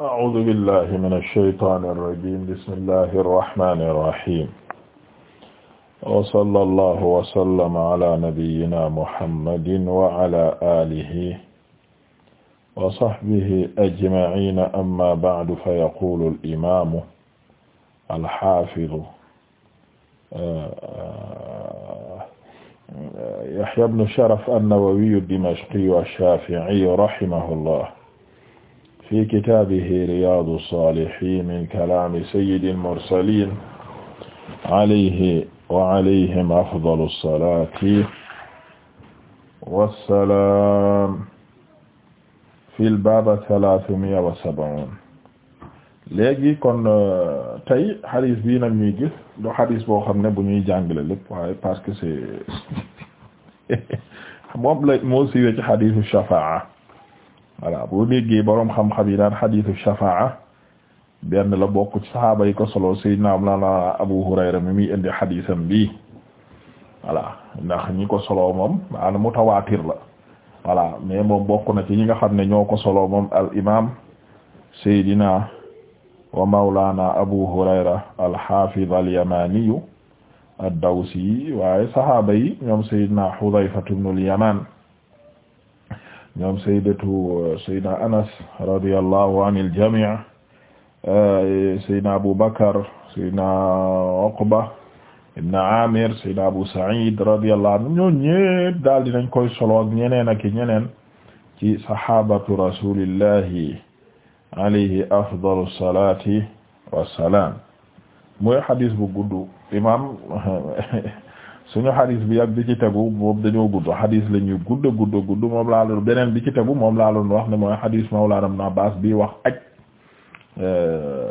أعوذ بالله من الشيطان الرجيم بسم الله الرحمن الرحيم وصلى الله وسلم على نبينا محمد وعلى آله وصحبه أجمعين أما بعد فيقول الإمام الحافظ يحيى بن شرف النووي الدمشقي الشافعي رحمه الله fi kitaabihi riyaadu saalihiin min kalaami sayyidil mursaliin alayhi wa alayhim afdalu salaati wa salaam fil baab salaasumiya wa sab'uun léegi kon euh, tey xadis bii nag ñuy gis du xadis boo xam ne bu ñuy jàngale lépp waaye parce que c'est moom la moo siiwee ci xadisu shafaa voilà boo déggee boroom xam-xam yi daan xadiisu shafaa benn la bokk ci saxaaba yi ko solo sayyidina mawlana Abu Hurayra mi muy indi xadiisam bi voilà ndax ñi ko solo moom maanaam mutawaatir la voilà mais moom bokk na ci ñi nga xam ne ñoo ko solo moom al imaam sayyidina wa mawlana Abu Hurayra al-Hafiz al-Yamani ad-Dawsi waaye saxaaba yi ñoom sayyidina Hudayfa ibn al-Yaman ñoom saydatu euh, saydna anas radiyallahu anil jami' euh, saydna abu bakar saydna uqba ibn amir saydna abu sa'id radiyallahu anhu ñoo ñépp daal dinañ koy solo ak ñeneen ak ñeneen ci sahabatu rasulillahi alayhi afdalu salati wassalam mooy hadis bu gudd imam suñu xadis bi ak bi ci tegu moom dañoo gudd xadis la ñuy gudd gudd gudd moom laa doon beneen bi ci tegu moom laa doon wax ne mooy xadis Mawlaana Ibn Abbaas bi wax aj euh,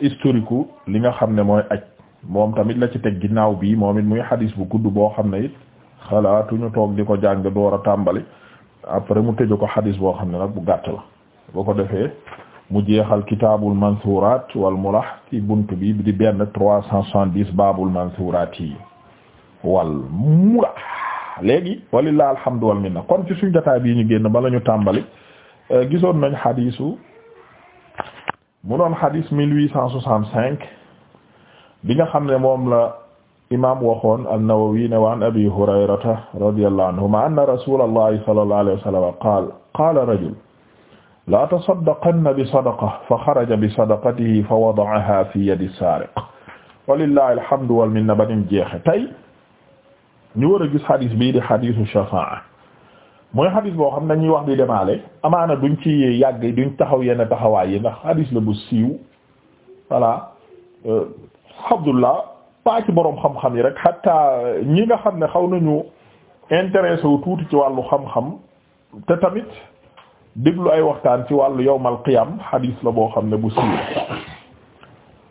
historique li nga xam ne mooy aj moom tamit la ci teg ginnaaw bii moom it muy xadis bu gudd boo xam ne it xalaatuñu toog di ko jàng door a tàmbali après mu tëju ko xadis boo xam ne nag bu gàtt la boo ko defee mu jeexal kitaabul mansuuraat wal mulah ci bunt bi di benn trois cent soixante-dix baabul mansuuraat yi wal mura léegi walilah alhamdu wal minna kon ci suñ jotaay bii ñu génn bala ñu tàmbali euh, gisoon nañ xadiisu mu doon xadiis mille huit cent soixante nga xam ne moom la imaam waxoon an-Nawawi ne wa an abi hurayrata radiyallahu anhuma anna rasulallahi sallallahu alayhi wa sallam qaala rajul la tasaddaqanna bi bi sadaqatihi fa wada'aha fi yadi saariq walillahi alhamdu wal minna banim jeexe tey ñu war a gis xadis bii di xadisu shafaa mooy xadis boo xam ne dañuy wax di demaale amaana duñ ci yàgg duñ taxaw yenn taxawaay yi ndax xadis la bu siiw voilà euh, Abdullah pas ci boroom xam-xam yi rek xatta ñi nga xam ne xaw nañu intéressé wu tuuti ci wàllu xam-xam te tamit diglu ay waxtaan ci wàllu yowmal qiyam xadis la boo xam ne bu siiw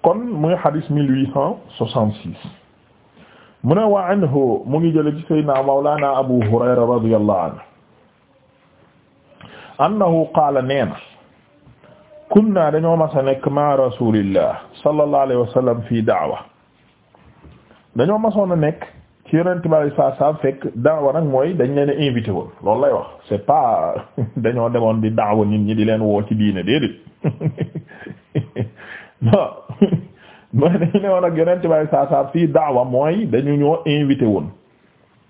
kon muy xadis mille huit cent soixante-six mu ne wa anhu mu ngi jële ci sayyidina mawlana abu hurayra radiyallahu anhu annahu qaala neena kunna dañoo mas nekk ma rasulillah sallallahu alayhi wa sallam fii da'wa dañoo masoon a nekk ci yonent bi alayhi salaatu salaam fekk nag mooy dañ leen invité woon loolu lay wax c'est pas dañoo demoon di da'wa nit ñi di leen woo ci diine déedéet mooy dañu ne woon ak yonent bay saa saa fii daawa mooy dañu ñoo invité woon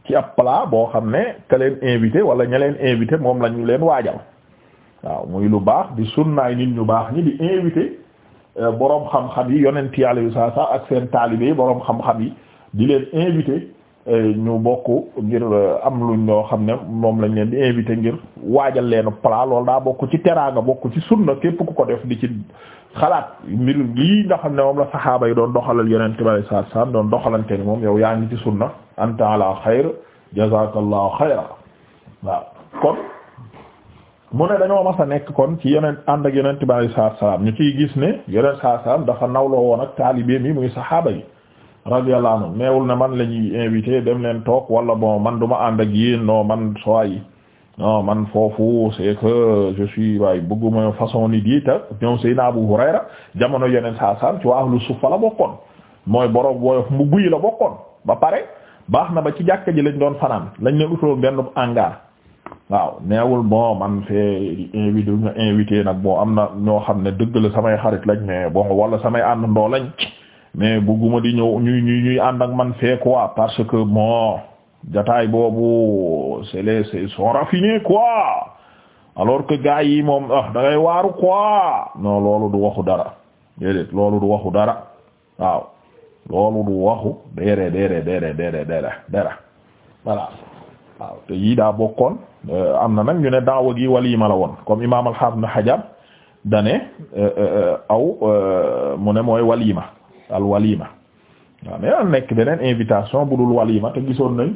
ci ab plat boo xam ne ka leen invité wala ña leen invité moom la ñu leen waajal waaw muy lu baax di sunnaay nit ñu baax ni di invité euh, boroom xam-xam yi yonent yàlla yu saa saa ak seen taalibe yi boroom xam-xam yi di leen invité euh, ñu bokk ngir euh, am lu ñoo xam ne moom lañ leen di invité ngir waajal leen plat loolu daa bokk ci teraanga bokk ci sunna képp ku ko def di ci xalaat mbir lii nga xam ne moom la saxaaba yi doon doxalal yonent bi sallallahu alayhi wasallam doon doxalante ni moom yow yaa ngi ci sunna anta ala xayr jazakallahu xayra waaw kon mu ne dañoo mas a nekk kon ci yeneen ànd ak yonent bi sallallahu alayhi wasallam ñu ciy gis ne yonent sallallahu alayhi wasallam dafa nawloo woon ak taalibeem yi muy saxaaba yi radiyallahu anhu neewul ne man la ñuy invité dem leen toog wala bon man du ma ànd ak yéen non man soo yi non man foofu c'est que je suis waaye bëgguma façon nit yi ta ñoom Seydina Abu Hurayra jamono yeneen saa saam ci waa ahlu suffa la bokkoon mooy borom woyof mu buy la bokkoon ba pare baax na ba ci jàkka ji lañ doon fanaan lañ leen utaloon benn hangar waaw neewul bon man fee invité nga invité nag bon am na ñoo xam ne dëgg la samay xarit lañ mais bon wala samay àndandoo lañ mais bëgguma di ñëw ñuy ñuy ànd ak man fee quoi parce que bon. jataay boobu c'est les c'est sont raffinés alors que gars yi moom ah da ngay waaru quoi non loolu waxu dara déedéet loolu du waxu dara loolu du waxu dere dere dere dere dere te yii daa bokkoon euh, am na nag ñu ne daawa gi waliima la woon comme imam al-Hafiz Ibn Hajar dane euh, euh, aw mu ne mooy waliima al waliima waaw mais nekk beneen invitation bu dul waliima te gisoon nañ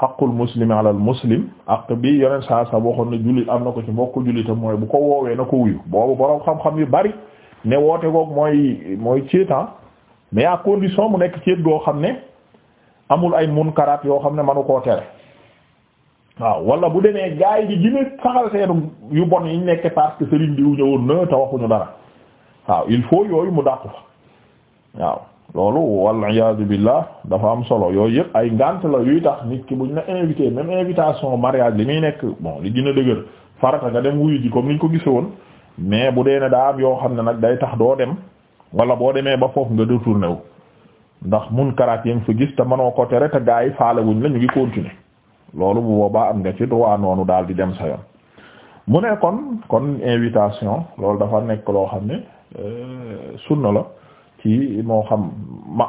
xaqul muslimi alal muslim ak bi yoneen saa sa waxoon na jullit am na ko ci mbokk jullitam mooy bu ko woowee na ko wuyu boobu boroom xam-xam yu bari ne woote goog mooy mooy céetan ah. mais à condition mu nekk céet goo xam ne amul ay munkaraat yoo xam ne manu koo tere waaw wala bu demee gaay yi di gën a yu bon yi nekk parce que sëriñ diw ñëwoon na te waxuñu dara waaw il faut yooyu mu dàqu fa waaw loolu wal iyaadu billah dafa am solo yooyu yëpp ay ngànt la yuy tax nit ki bu buñ la invité même invitation mariage li muy nekk bon li gën a dëgër farata nga dem wuyu ji comme niñ ko gise woon mais bu dee ne daa am yoo xam ne nag day tax doo dem wala boo demee ba foofu nga détourné wu ndax mun karaat yéngi fa gis te manoo ko tere te gaa yi faale wuñ la ñu ngi continuer loolu bu boobaa am nga ci droit noonu daal di dem sa yoon mu ne kon kon invitation loolu dafa nekk loo xam ne euh, sunna la ci moo xam ma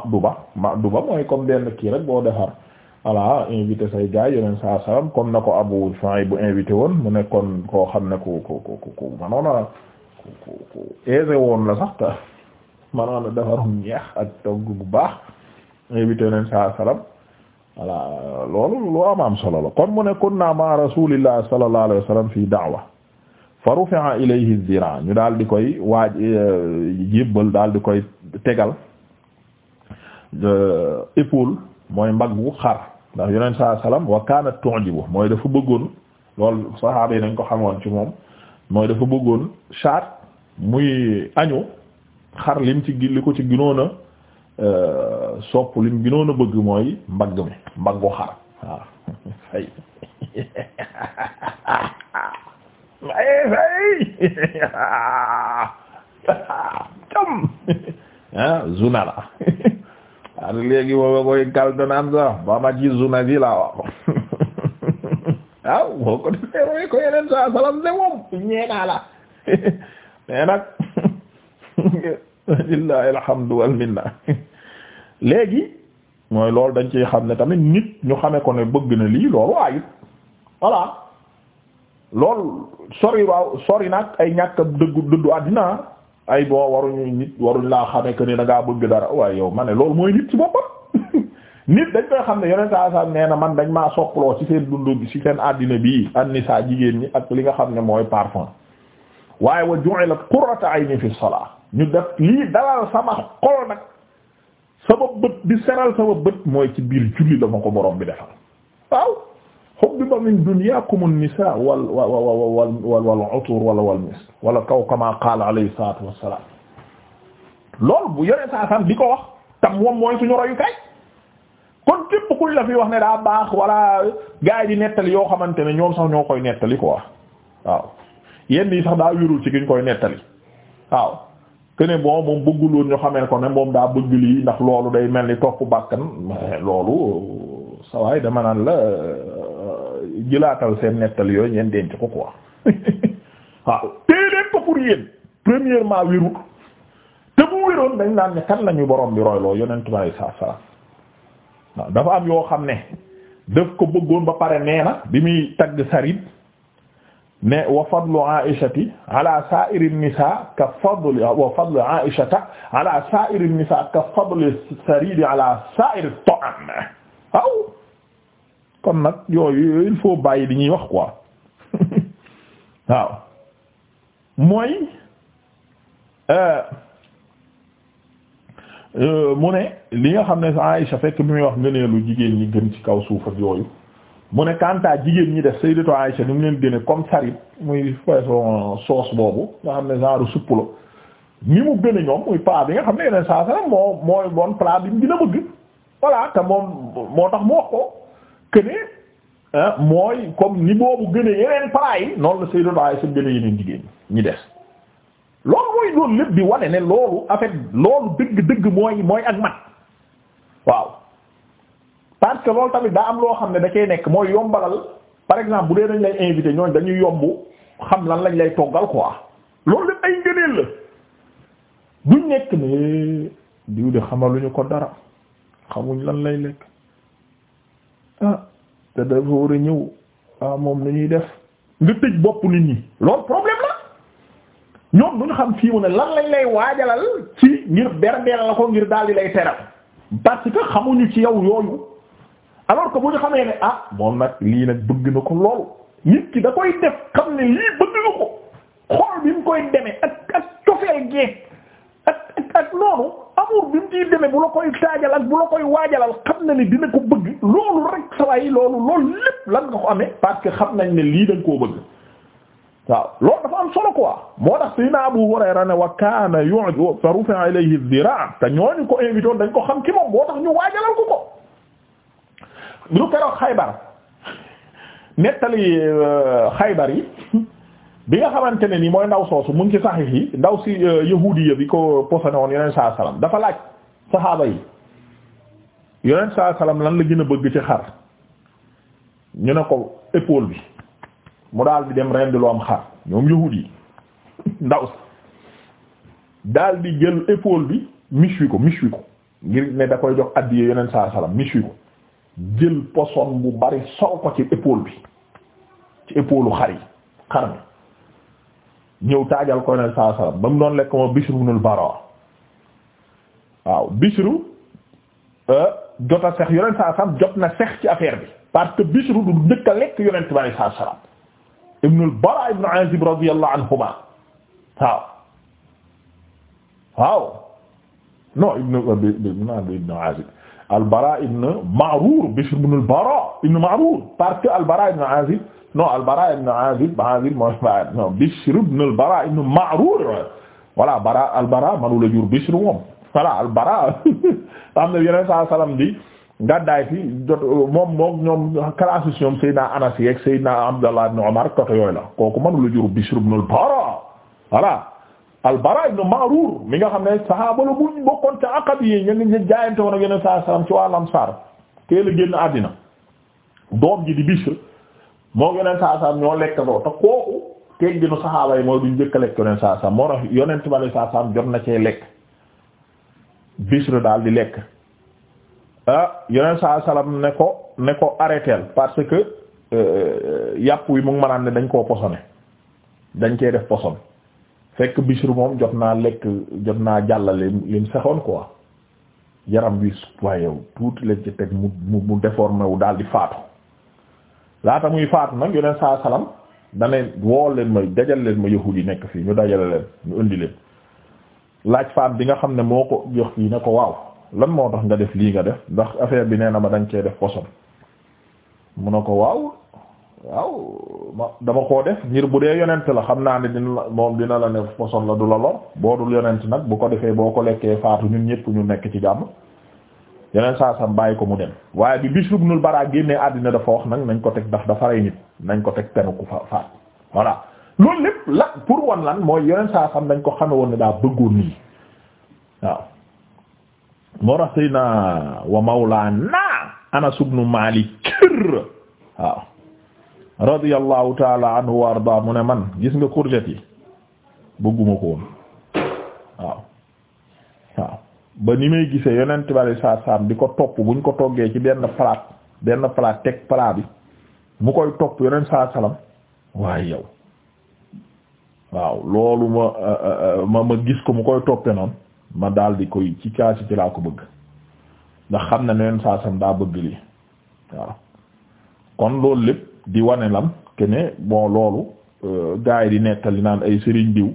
maduba mooy comme benn kii rek boo defar voilà invité say gaay yeneen saa salaam comme na ko Abu Shuayb bu invité woon mu nekkoon koo xam ne ku ku ku ku manoona ku ku ku woon la sax te manoona defarum ñeex ak togg bu baax invité yeneen saa salaam voilà loolu lu am am solo la kon mu ne naa ma Rasulillah sallallahu alayhi wasallam fi daawa fa rufi'a ilayhi zira ñu daal di koy waaj euh, jébbal daal di koy tegal euh, épaule mooy mbaggu xar ndax yonent saa salaam wa kaana tu'jibu mooy dafa bëggoon lool saxaaba yi nañ ko xamoon ci moom mooy dafa bëggoon char muy añu xar lim ci li ko ci ginoon a euh, sopp lim ginoon a bëgg mooy mbagg mi mbaggu xar waaw ay fay com ah zuna la ar léegi booba koy galdanaan sax ba ma ci zuna si laa wax waaw boo ko defee roy ko yeneen sa salam de moom la mais nag lillahi alhamdu wal minna léegi mooy loolu dañ ci xam ne tamit nit ñu xame ko ne bëgg na lii loolu waayut voilà loolu sori waaw sori nag ay ñàkk dëggu dëddu àddina ay boo waruñu nit waruñ laa xame que ne da ngaa bëgg dara waaye yow ma ne loolu mooy nit ci boppam nit dañ koy xam ne yeneen saa na man dañ maa soppaloo ci seen dund ci seen àddina bi an-nisaa jigéen ñi ak li nga xam ne mooy parfum waaye wa ju'ilat qurratu ayni fi salaa ñu def lii dalal sama xol nag sama bët di seral sama bët mooy ci biir julli la ko borom bi defal waaw. hubbiba min dunyaakum an-nisaa wal wal wal wal wal utuur wala wal mis wala kaw kamaa qaala alayhi salaatu wa salaam loolu bu yore saa san ko wax tam moom mooy suñu royukaay kon képp kuñ la fi wax ne daa baax wala gaa yi di nettali yoo xamante ne ñoom sax ñoo koy nettali quoi waaw yenn yi sax daa wérul ci ki ñu koy nettali waaw que ne bon moom bëggul woon xamee ko ne moom daa bëgg lii ndax loolu day mel ni topp bàkkan loolu sawaay dama naan jëlaatal seen nettal yooyu ngeen denc ko quoi waaw téye leen ko pour yéen premièrement wérut te bu wéroon dañ naan ne kan lañu borom bi royloo yonentu Yàlla saa saa dafa am yoo xam ne daf ko bëggoon ba pare nee bi muy tagg sarid ne wa fadlu aishati ala sa'iri nisa ka fadlu aishata ala sa'iri nisa ka fadli saridi ala sa'iri ta'am waaw kon nag yooyu il faut bàyyi di ñuy wax quoi waaw mooy euh, euh, mu ne li nga xam ne Aïcha fekk bi muy wax ngëneelu jigéen ñi gën ci kaw suuf ak yooyu mu ne kanta jigéen ñi def Sayyidatu Aïcha ni mu leen gëne comme sarit muy façon sauce boobu nga xam ne genre supp la ni mu gën a ñoom muy plat bi nga xam ne yeneen saa saa moo mooy bon plat bi mu a bëgg voilà te moom moo tax mu wax ko que ne mooy comme ni boobu gën a yeneen palaas noonu la Seydou Ba ay seen gën a yeneen jigéen ñi des. loolu mooy loolu lépp di wane ne loolu en loolu dëgg-dëgg mooy mooy ak mat waaw parce que loolu tamit daa am loo xam ne da koy nekk mooy yombalal par exemple bu dee dañ lay invité ñooñ dañuy yomb xam lan lañ lay toggal quoi loolu lépp ay ngëneel la duñ nekk ne diw de xamaluñu ko dara xamuñ lan lay lekk. ah te dafa war a ñëw ah, moom la def nga tëj bopp nit ñi loolu problème la ñoom duñu xam fii mu ne lan lañ lay waajalal ci ngir berdeel ko ngir daal di lay teral parce que xamuñu ci yow yooyu alors que bu ñu xamee ne ah moom nag lii nag bëgg na ko lool nit ki da koy def xam ne lii bëgg na ko xool bi mu koy demee ak ak cofeel geek nag noonu amour bi mu bu la koy taajal ak bu la koy waajalal xam na ni dina ko bëgg loolu rek sa waay loolu loolu lépp lan ko amee parce que xam nañ ne lii dañ koo bëgg waaw loolu dafa am solo quoi moo tax Seydina Abu Hurayra wa kaana yu'ju fa rufi'a ilayhi dhira' te ñooñu ko invité woon dañ ko xam ci moom moo tax ñu waajalal ko ko lu keroog Xaybar nettali euh, Xaybar yi bi nga xamante ne nii mooy ndaw soosu mu ngi ci saxiix yi ndaw si euh, yahudiya bi ko posone woon yonent saa salaam dafa laaj saxaaba yi yonent saa salaam lan la gën a bëgg ci xar ñu ne ko épaule bi mu daal di dem rendi lu am xar ñoom yahudi yi ndaw si daal di jël épaule bi miche wi ko miche wi ko ngir ne da koy jox addiye yonent saa salaam miche wi ko jël poson bu bari sol ko ci épaule bi ci épaule xar yi xar mi ñëw taajal ko yoneen saa salaam ba mu doon lekk moom Bishr ibnul Bara waaw Bishr euh, jot a sex yoneen jot na sex ci affaire bi parce que Bishr du dëkk a lekk yoneen tubaab yi saa salaam ibnul Bara ibnu Azib radiyallahu anhuma waaw waaw non ibnu euh, ibnu al-Bara ibn Ma'rur Bishr ibn al-Bara ibn Ma'rur parce que al-Bara ibn Azib non al-Bara ibn Azib Azib mooy non Bishr ibn al-Bara ibn Ma'rur voilà Bara al-Bara manu la jur Bishr moom voilà al-Bara am na yeneen saa salaam di gàddaay fi jot moom moom ñoom classe si ñoom Seydina Anas yeeg Seydina Abdallah ibn Umar côté yooyu la kooku manu la jur Bishr ibn al-Bara voilà. al-Bara ibn mi nga xam ne saxaaba la bu bokkoon ca Aqabi yi ñu ñu jaayante woon ak yeneen saa salaam ci wàllam saar teel a génn àddina doom ji di Bishr moo yeneen saa salaam ñoo lekk doo te kooku tegginu saxaaba yi mooy duñ njëkk a lekk yeneen saa salaam moo tax yonent bi saa salaam jot na cee lekk Bishr daal di lekk ah yeneen saa salaam ne ko ne ko arrêteel parce que euh, yàpp wi mu ngi mën ne dañ koo posone dañ cee def poson. fekk Bishr moom jot naa lekk jot naa jàllale lim ko quoi yaram wi waaye yow tuuti lañ ci teg mu mu mu déformé wu daal di faatu laata muy faatu nag yeneen saa salam daneen woo leen ma dajal leen ma yahuud yi nekk fii ñu dajale leen ñu indi leen laaj faam bi nga xam ne moo ko jox fii ne ko waaw lan moo tax nga def lii nga def ndax affaire bi nee na ma dañ cee def poson mu ne ko waaw waaw ma dama koo def ngir bu dee yonent la xam naa ne dina la moom dina la ne poson la du la lor boo dul yonent nag bu ko defee boo ko lekkee faatu ñun ñëpp ñu nekk ci jàmm yeneen saa sam bàyyi ko mu dem waaye bi Bishr ibnul Baraa génnee àddina dafa wax nag nañ ko teg ndax dafa rey nit nañ ko teg penu ku fa faat voilà loolu lépp la pour wan lan mooy yeneen saa sam dañ ko xame woon ne daa bëggoon nii waaw moo tax sëy na wa mawlaana Anas ibnu Maalik radiyallahu taala anhu wa arda mu ne man gis nga courgette yi bëgguma ko woon waaw waaw ba ni may gisee yonent bari saa saam di ko topp buñ ko toggee ci benn palaat benn palaat teg palaat bi mu koy topp yonent saa waaye yow waaw loolu ma euh, euh, ma ma gis ko mu koy toppe noonu ma daal di koy ci kaasi ci laa ko bëgg ndax xam na ne yonent saa salam daa bëgg lii waaw kon loolu lépp di wane lam ke ne bon loolu euh, gars yi di nettali naan ay sëriñ diw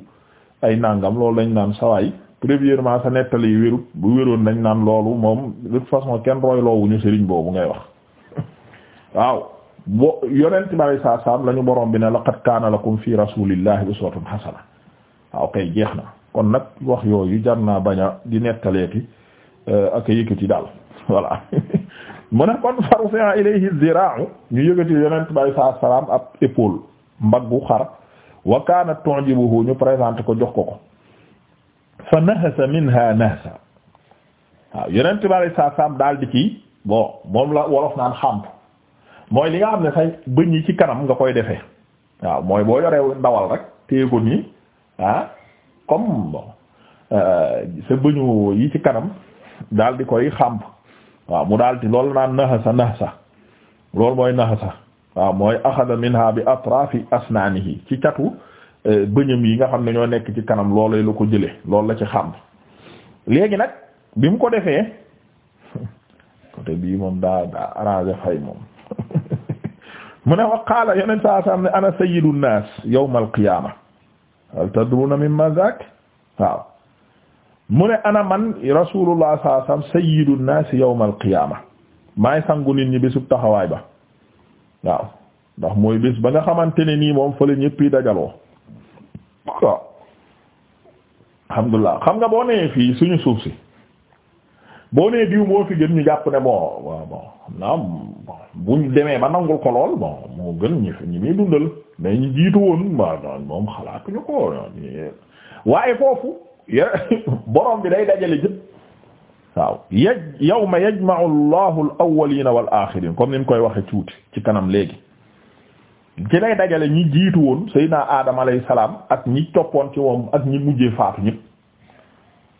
ay nangam loolu lañ naan sawaay premièrement sa nettali yi wérut bu wéroon lañu naan loolu moom de toute façon kenn royloowuñu sëriñ boobu ngay wax waaw bo yonent bari saa saam lañu borom bi ne laqad kaana lakum fi rasulillahi uswatun hasana waaw kay jeex na kon nag wax yooyu jar naa bañ a di nettaleeki euh, ak a yëkkati daal voilà mu ne kon farfi'a ilayhi zira'u ñu yëgati yonent bi alayhi salaam ab épaule mbaggu xar wa kaanat tu'jibuhu ñu présenté ko jox ko ko fa nahasa minha nahsa waaw yonent bi alayhi salaatu salaam daal di kii bo moom la wolof naan xàmp mooy li nga xam ne say bëñ yi ci kanam nga koy defe waaw mooy boo yoree ndawal rek téye ko nii ah comme euh, sa bëñu yi ci kanam daal di koy xàmp waaw mu daal di loolu naan nahasa nahsa loolu mooy nahasa waaw mooy axada minha bi atrafi asnaanihi ci catu euh, bëñam yi nga xam ne ñoo nekk ci kanam loolu la ko jële loolu la ci xam léegi nag bi mu ko defee côté bii moom daa daa arrangé fay moom mu ne wa qaala yeneen saa saa ne ana sayyidu nnaas yawmal qiyaama hal tadruuna mimmaa zaak waaw mu ne ana man rasulullah sallallahu alayhi wasallam sayyidu nnaas yawmal qiyaama maay sangu nit ñi bésub taxawaay ba waaw ndax mooy bés ba nga xamante ne nii moom fële ñëpp yi dajaloo waaw alhamdulilah xam nga boo nee fii suñu suuf si boo nee diw moo fi gën ñu jàpp ne bon waaw bon naam buñ demee ba nangul ko lool bon moo gën ñi ñi muy dundal mais ñu jiitu woon waaw moom xalaatuñu ko waaye foofu. borom bi day dajale jëpp waaw yaj yawma yajma'u Allahu al-awwalina wal axirin comme ni mu koy waxe tuuti ci kanam léegi ci day dajale ñi jiitu woon Seydina Adama alayhi salaam ak ñi toppoon ci moom ak ñi mujjee faatu ñëpp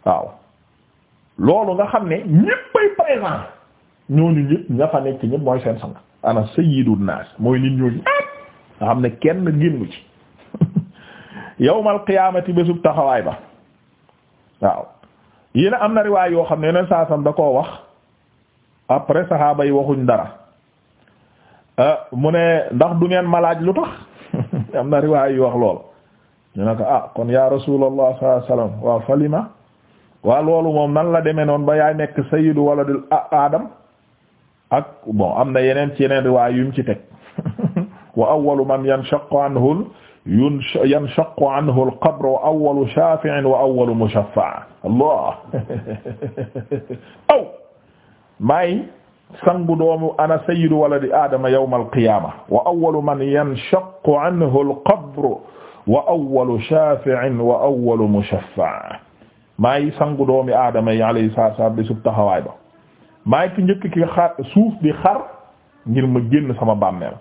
waaw loolu nga xam ne ñëppay présent ñooñu ñëpp ña fa nekk ñëpp mooy seen sang ana sayyidun naas mooy nit ñooñu nga xam ne kenn génnu ci yawmal qiyaamati bésub taxawaay ba. waaw yii nag am na riwaay yoo xam ne yeneen saa da koo wax après saxaaba yi waxuñ dara euh, mu ne ndax du ngeen ma laaj lu tax am na riwaay yu wax lool ñu ne ko ah kon ya rasulallah sallallahu alayhi wasallam falima waa loolu moom nan la demee noon ba yaay nekk sayyidu waladul adam ak bon am na yeneen ci yeneen riwaay yu mu ci teg wa awwalu man yanshaqu anhu yun yanshaqu anhu al-qabru wa awwalu shaafi'in wa awwalu mushaffa' Allah aw oh! maay sangu doomu ana sayyidu waladi aadama yawma al-qiyaama wa awwalu man yanshaqu anhu al-qabru wa awwalu shaafi'in wa awwalu mushaffa' maay sangu doomi aadama yi alayhi salaatu wa salaam bi sub taxawaay ba maay ki njëkk ki xar suuf bi xar ngir ma génn sama bàmmeel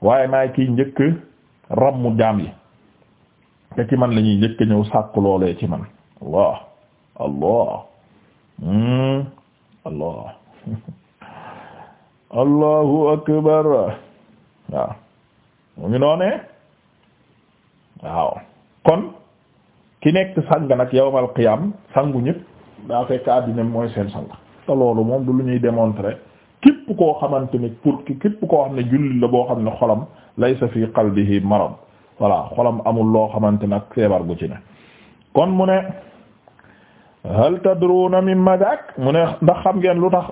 waaye maay ki njëkk rammu jaam yi te ci man la njëkk ñëw sàkk loolee ci man allah allah hmm, allah allahu akbar waaw mu ngi waaw kon ki nekk sang nag yawmal qiyam sangu ñëpp daa fekk àddina mooy seen sang te loolu moom du lu ñuy démontrer képp koo xamante ne pour képp koo xam ne jullit la boo xam ne xolam laysa fi qalbihi marad wala xolam amul loo xamante ne ak feebar gu ci ne kon mu ne hal tadruna mimma dak mu ne ndax xam ngeen lu tax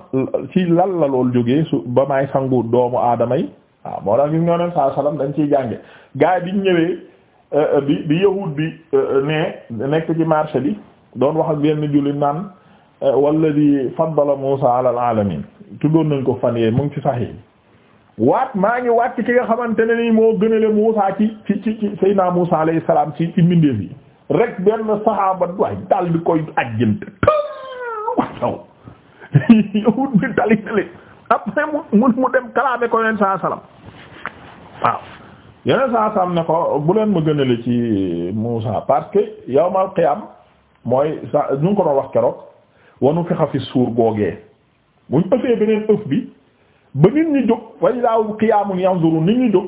ci lan la lool jógee su ba may sangu doomu aadama yi waaw ah, moo tax gis nga ne salaam dañ ciy jànge gaay biñ ñëwee euh, euh, bi bi yahud bi euh, ne nekk ci marché bi doon wax ak benn jullit naan walladi faddala Musa ala al alamin tuddoon nañ ko fan yee mu ngi ci saxi waat maa ngi waat ci ki nga xamante ne nii moo gënale Muusaa ci ci ci ci Seydina Muusaa alayhi salaam ci ci mbindeef yi rek benn saxaaba waay dal di koy ajjante waaw yowut bi après mu mu dem kalaame ko yeneen saa waaw yeneen saa ne ko bu leen ma gënale ci Muusaa parce que yawmal qiyaam mooy sa ñu ko doon wax keroog wanu fexa fi suur googee buñ ëffee beneen ëff bi ba nit ñi jóg way daaw xiyaamun yanzuru nit ñi jóg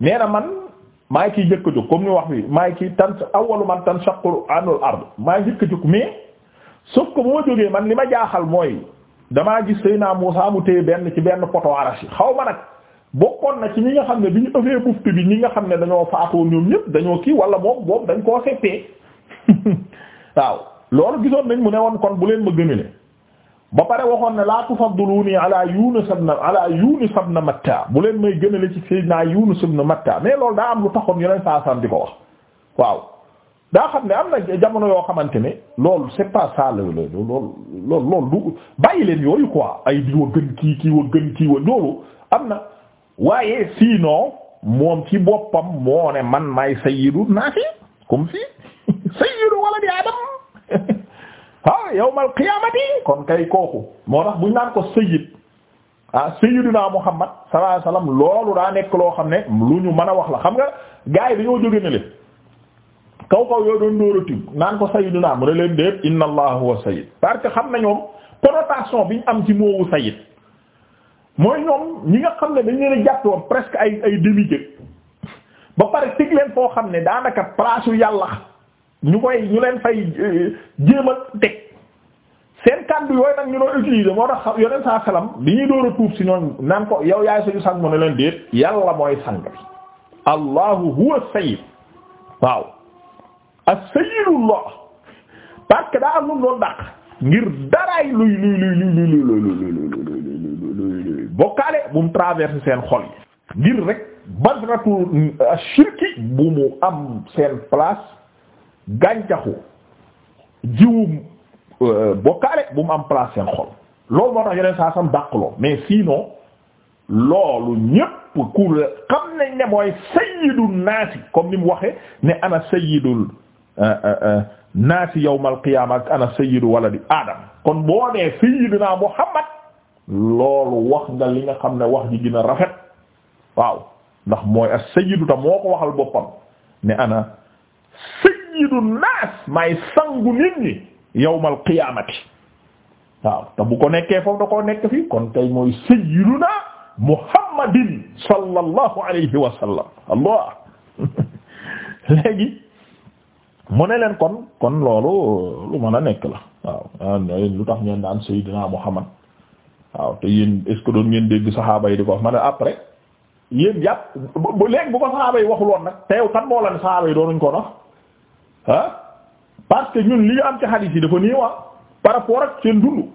nee na man kiy jëkk jóg comme wax bi maay ki tan awwalu man tan shaqul anul ard maay jëkk jóg mais man li ma jaaxal mooy damaa gis Seyna Muusaa mu téye benn ci benn poto arache xaw ma nag bokkoon na ci ñi nga xam ne bi ñu ëffee ñi nga xam ne dañoo faatoo ñoom dañoo kii wala moom dañ koo seppee waaw loolu gisoon nañ mu ne woon kon bu leen ma gënu ne ba pare waxoon ne laa tufaddiluni ala Yunus ibn ala Yunus ibn Matta bu leen may gënale ci sayyidina Yunus ibn Matta mais loolu daa am lu taxoon yeneen di ko wax waaw daa xam ne am na jamono yoo xamante ne lool c'est pas ça le loolu du bàyyi leen yooyu quoi ay di wa gën kii kii wa gën kii wa loolu am na waaye sinon moom ci boppam moo ne man maay sayyidu naa fi comme fii sayyidu wala di Adam ah yawmal qiyaamati kon kay kooku moo tax buñ naan ko sayyid ah sayyiduna Muhammad sallallahu alayhi wasallam loolu daa nekk loo xam ne lu ñu mën a wax la xam nga gars yi dañoo jóge ne leen kaw kaw yoo doon dóor a tibb naan ko sayyiduna mu ne leen déet inna allaha huwa sayyid parce que xam na ñoom connotation bi ñu am ci moowu sayyid mooy ñoom ñi nga xam ne dañ leen a jàpp woon presque ay ay demi ba pare teg leen foo xam ne daanaka place yu yàlla. ñu koy ñu leen fay jéem a teg seen kàddu yooyu nag ñu doon utiliser moo tax yoneen saa salam bi ñuy door a tuub si ñoom naan ko yow yaay suñu sang mu ne leen déet yàlla mooy sang bi allahu huwa sayyid waaw as-sayyidullah parce que daa am lu doon dàq ngir daraay luy luy luy luy luy luy bokkaale bu mu traverse seen xol yi ngir rek badratu shirki bu mu am seen place gàncaxu jiwum euh, bokkaale bu mu am place seen xol loolu moo tax yeneen saa sam dàqloo mais sinon loolu ñépp ku xam nañ ne mooy sayyidun naasi comme ni mu waxee ne ana sayyidul euh, euh, naasi yawmal qiyaama ak ana sayyidu di adam kon boo nee sayyidina muhammad loolu wax nga li nga xam ne wax ji gën rafet waaw ndax mooy as sayyidu ta moo ko waxal boppam ne ana sayyidu naas maay sangu nit ñi yawmal qiyaamati waaw te bu ko nekkee foofu da koo nekk fii kon tey mooy sayyiduna muhammadin sallallahu alayhi wa sallam allah léegi mu ne leen kon kon loolu lu mën a nekk la waaw lu tax ngeen daan sayyidina muhammad waaw te yéen est doon ngeen dégg saxaaba yi di ko ma ne après yéen yàpp bu léegi bu ko saxaaba yi waxuloon nag te yow kan moo leen saxaaba yi doonuñ ko wax ah parce que ñun lii am ci hadith yi dafa néew par rapport ak seen dund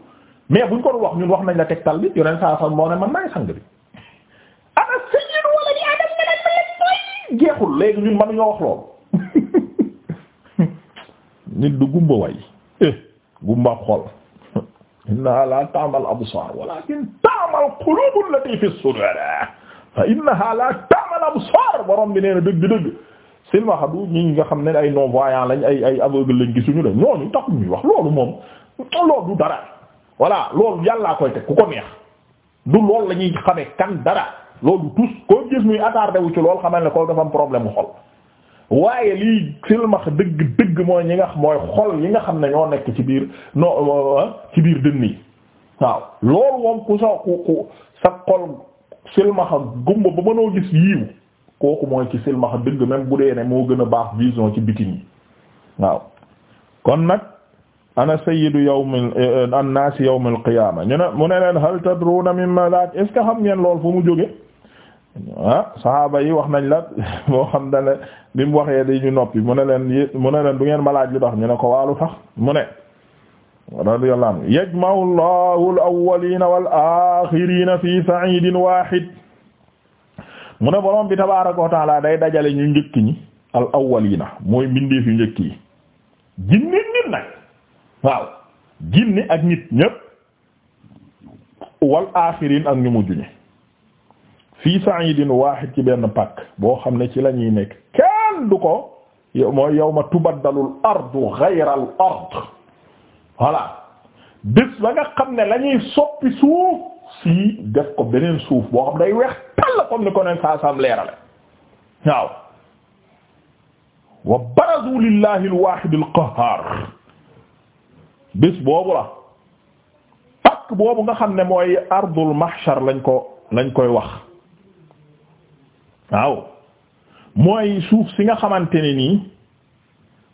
mais buñ ko doon wax ñun wax nañ la tegtal bi yoneen saa san moo ne man maay sang bi ana sayyidu waladi adam menen maleen mooy jeexul léegi ñun mënu ñoo wax loolu nit du gumba way eh, gumba xol innaha la ta'mal absar walakin ta'mal qulubul lati fi sudur fa innaha ta'mal absar borom bi nee na dëgg dëgg silmaxa du ñi nga xam ne ay non voyant lañ ay ay aveugle lañ gisuñu la ñooñu tax ñuy wax loolu moom loolu du dara voilà loolu yàllaa koy teg ku ko neex du loolu la ñuy xamee kan dara loolu tous koo gis muy attardé wu ci lool xamal ne ko dafa am problème mu xol waaye lii silmaxa dëgg dëgg mooy ñi nga mooy xol yi nga xam ne ñoo nekk ci biir no euh, euh, ci biir dënn yi waaw loolu moom ku sa ku ku sa xol silmaxa gumba ba mënoo gis yiiw kooku mooy ci silmaxa dëgg même bu dee ne moo gën a baax vision ci bitim yi waaw kon nag ana sayyidu yawmil eh, annaas yawmil qiyaama ñu ne mu ne leen hal tadruuna mimma zaak est ce que xam ngeen lool fu mu jóge ah sahaaba yi wax nañ la boo xam ne bi mu waxee di ñu noppi mu ne leen mu ne leen du ngeen ma laaj lu tax ñu ne ko waalu tax mu ne radiyallahu anhu yajma'u Allahu al-awwaliina wal aaxiriina fii sa'iidin waahid mu ne borom bi tabaaraka wa taala day dajale ñu njëkk ñi al mooy mbindeef yu njëkk yi jinne nit nag waaw jinne ak nit ñépp wal aaxiriin ak ñu mujj ñi fii sa'idin waahid ci benn pàkk boo xam ne ci lañuy ñuy nekk kenn du ko mooy yawma tubaddalul ardu ghayral ard voilà bés ba nga xam ne la soppi suuf sii def ko beneen suuf boo xam day weex tàll comme ni ko neen saa leerale waaw wa barazu lillahi alwahid alqahar bés boobu la pakk boobu nga xam ne mooy ardul mahshar lañ ko lañ koy wax waaw mooy suuf si nga xamante ne nii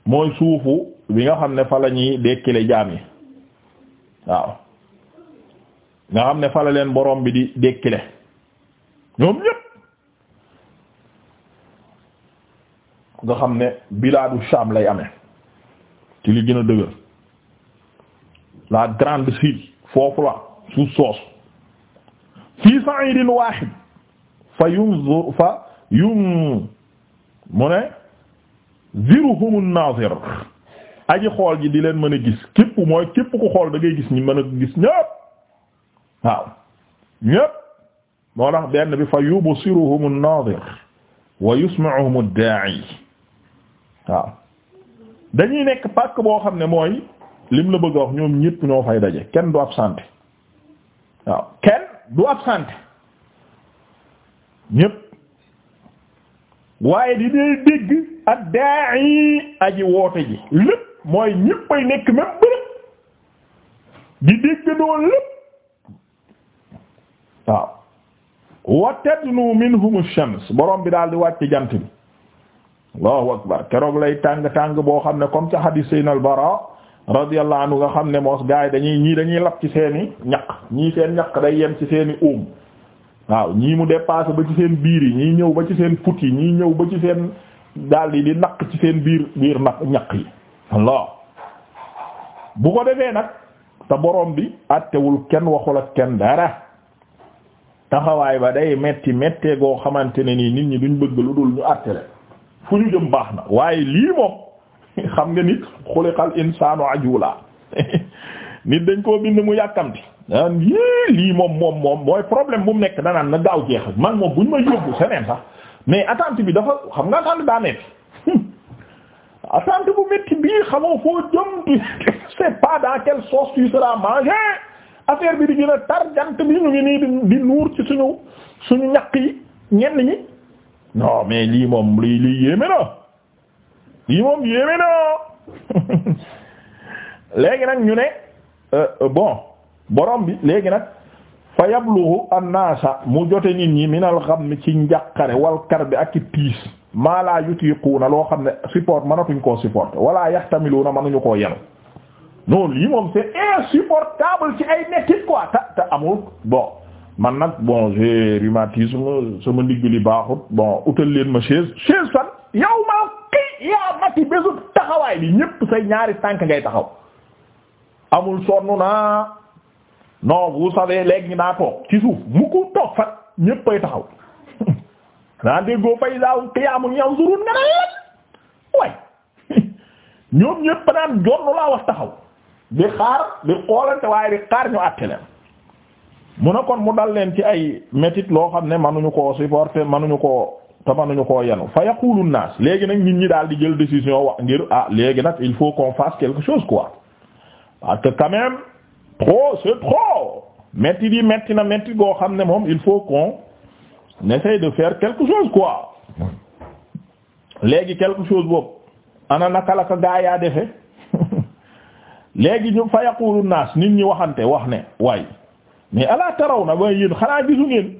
mooy suufu bi nga xam ne fa la ñuy dekkile jaam yi waaw nga xam ne fala leen borom bi di dékkile ñoom ñépp nga xam ne bilaadu Sham lay amee ci li gën a dëgër la grande Syrie foofu la suuf soosu fii sa'idin wahid fa yunzur fa yun mu ne ziruhum an-nazir aji xool ji di leen mën a gis képp mooy képp ku xool da ngay gis ñi mën a gis ñépp waaw ñépp moo tax benn bi fa yubsiruhum an-naadir wa yusma'uhum ad-daa'i waaw dañuy nekk pàkk boo xam ne mooy lim la bëgg a ñoom ñépp ñoo fay daje kenn du absenté waaw kenn du absenté ñépp waaye di dee dégg ad-daa'i aji woote ji lépp mooy ñéppay nekk même bërëb di dégg doo lépp waaw wa tadnu minhum ash-shams borom bi daal di wàcc jant bi allahu akbar keroog lay tàng tàng boo xam ne comme ca hadith Seydina al-Bara radiyallahu anhu nga xam ne moos gars yi dañuy ñii dañuy lap ci seeni ñaq ñii seen ñaq day yem ci seeni uum waaw ñii mu dépassé ba ci seen biir yi ñii ñëw ba ci seen put yi ñii ñëw ba ci seen dal di di naq ci seen biir biir naq ñaq yi Allah bu ko defee nag te boroom bi àttewul kenn waxula kenn dara taxawaay ba day metti mettee goo xamante ne nii nit ñi duñ bëgg lu dul ñu àttale fu ñu jëm baax na waaye lii moom xam nga nit xuliqal insaanu ajula nit dañ koo bind mu yàkkamti daan lii moom moom moom mooy problème bu mu nekk danaan na gaaw jeex man moom buñ ma yóbbu seneen sax mais attente bi dafa xam nga attente daa metti attente bu metti bii xamoo foo jëm tu sais pas dans quelle sauce tu seras mangé affaire bi di gën a tar jant bi ñu ngi nii di di nuur ci suñu suñu ñaq yi ñenn ñi non mais lii moom lii lii yéeme na lii moom yéeme na léegi nag ñu ne euh, euh, bon borom bi léegi nag fa yabluhu annaasa mu jote nit ñi minal xam ci njàqare wal kar bi ak i piis maa laa yutiquuna loo xam ne support mënatuñ koo support wala na mënuñu koo yenu non lii moom c'est insupportable ci ay mettit quoi te te amul bon man nag bon j'ai rhumatisme sama ndigg li baaxut bon utal leen ma chaise chaise fan yow maa kii yaa matti bésu taxawaay bi ñépp say ñaari tànk ngay taxaw amul sonn naa non vous savez léegi naa toog ci suuf mu ko toog fan ñépp ay taxaw naa déggoo fay daaw qiyaamun yanzurun nga ne lan way ñoom ñépp naan jonn laa wax taxaw di xaar di xoolante waaye di xaar ñu àtte leen mu ne kon mu dal leen ci ay métit loo xam ne manuñu koo supporter manuñu ko te manuñu koo yenu fa yaqulu naas léegi nag nit ñi daal di jël décision wax ngir ah léegi nag il faut qu'on fasse quelque chose quoi parce que quand même trop c'est trop métti di métti na métti goo xam ne moom il faut qu'on essaye de faire quelque chose quoi léegi quelque chose boobu ana naka la ko gaa yaa defe léegi ñu fa yaqulu naas nit ñi waxante wax ne waaye mais alaa taraw na waaye yéen xanaa gisu ngeen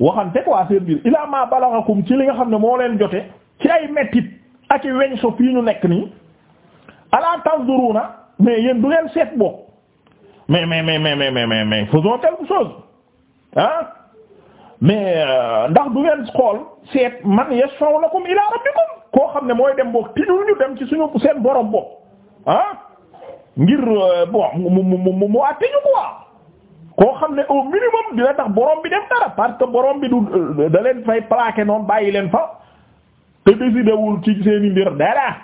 waxante quoi seen biir ilaa ma balagakum ci li nga xam ne moo leen jote ci ay mettit ak i weñ so fii ñu nekk nii ala na mais yéen du ngeen seet bokk mais mais mais mais mais mais mais faisons quelque chose ah mais euh, ndax du ngeen xool seet man yashfa'u lakum ilaa rabbikum koo xam ne mooy dem bokk ti ñu dem ci suñu seen borom bokk ah ngir euh, bon mu mu mu mu àtte ñu quoi koo xam ne au minimum dina tax borom bi def dara parce que borom bi du euh, da leen fay plaqué noonu bàyyi leen fa te décidé wul ci seeni mbir dara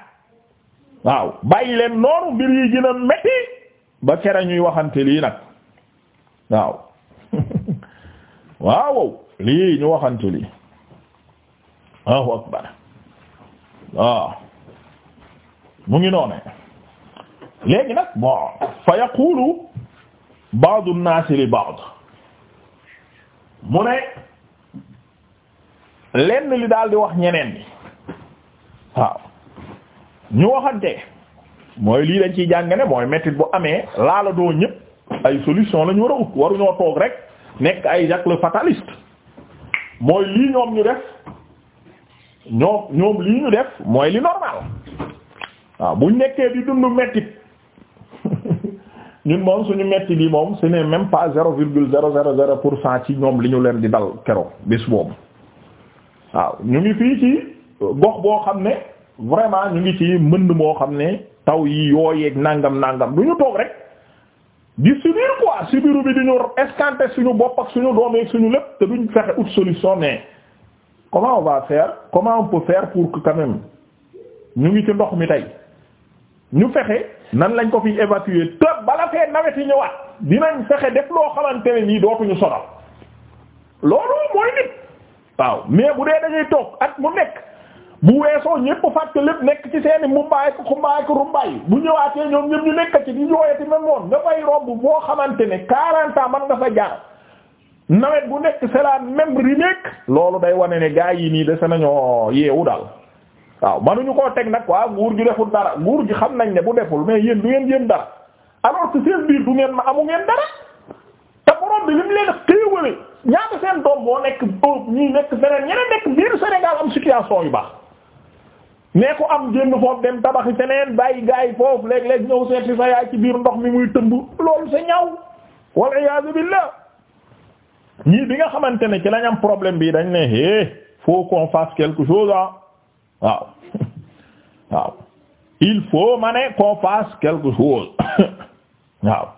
waaw bàyyi leen noonu mbir yi gën a metti ba kera ñuy waxante lii nag waaw waaw waxante lii waaw mu ngi noonee léegi nag bon fa yaqulu ba'du an-nas li ba'd mu ne lenn li daal di wax ñeneen bi waaw ñu waxante mooy lii dañ ciy jàng ne mooy métit bu amee laala doo ñëpp ay solution lañu ñu war a ut waruñoo toog rek nekk ay Jacques le fataliste mooy lii ñoom ñu def ñoo ñoom lii ñu def mooy li normal waaw buñ nekkee di dund métit ñun moom suñu metti bi moom ce n'est même pas zéro virgule zéro zéro zéro pour cent ci ñoom li ñu leen di dal keroog bés boobu waaw ñu ngi fii ci gox boo xam ne vraiment ñu ngi ci mënd moo xam ne taw yi yooyeeg nangam nangam du ñu toog rek di subir quoi subiru bi di ñu suñu bopp ak suñu doom ak suñu lépp te duñ fexe ut solution mais comment on va faire comment on peut pour que quand ñu ngi ci ndox mi tey ñu fexe. nan lañ ko fi évacuer te bala fee nawet yi ñëwaat dinañ fexe def loo xamante ne nii dootuñu sonal loolu mooy nit waaw mais bu dee dañuy toog ak mu nekk bu weesoo ñépp fàtte lépp nekk ci seeni mumbaay ko xumbaay ko rumbaay bu ñëwaatee ñoom ñépp ñu nekk ci di jooyati même moom nga fay romb boo xamante ne 40 ans man nga fa jaar nawet bu nekk c'est la même remake loolu day wane ne gaa yi nii de dese nañoo yeewu daal. waaw ñu koo teg nag waaw nguur gi deful dara guur gi xam nañ ne bu deful mais yéen du ngeen jéem dara alors que seen biir du ngeen ma amu ngeen dara te borom bi li mu leen xéewale ñaata seen doom moo nekk Europe ñii nekk feneen ñeneen nekk biir Sénégal am situation yu baax mais ko am génn foofu dem tabaxi feneen bàyyi gars yi foofu léeg-léeg ñëw seeti sa yaay ci biir ndox mi muy tëmb loolu sa ñaaw wal iyaazu billah ñii bi nga xamante ne ci lañ am problème bi dañ ne eh faut qu'on fasse quelque chose waaw waaw il faut ma ne qu'on fasse quelque chose waaw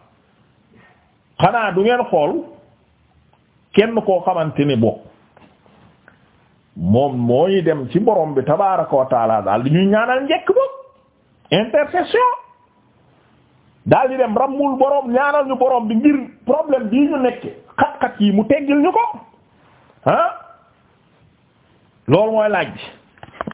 xanaa du ngeen xool kenn koo xamante ni bo moom mooy dem ci borom bi tabaarakoo wa daal di ñuy ñaanal njekk bo intercession daal di dem rammul borom ñaanal ñu borom bi ngir problème bi ñu nekk xat-xat yi mu teggil ñu ko ah loolu mooy laaj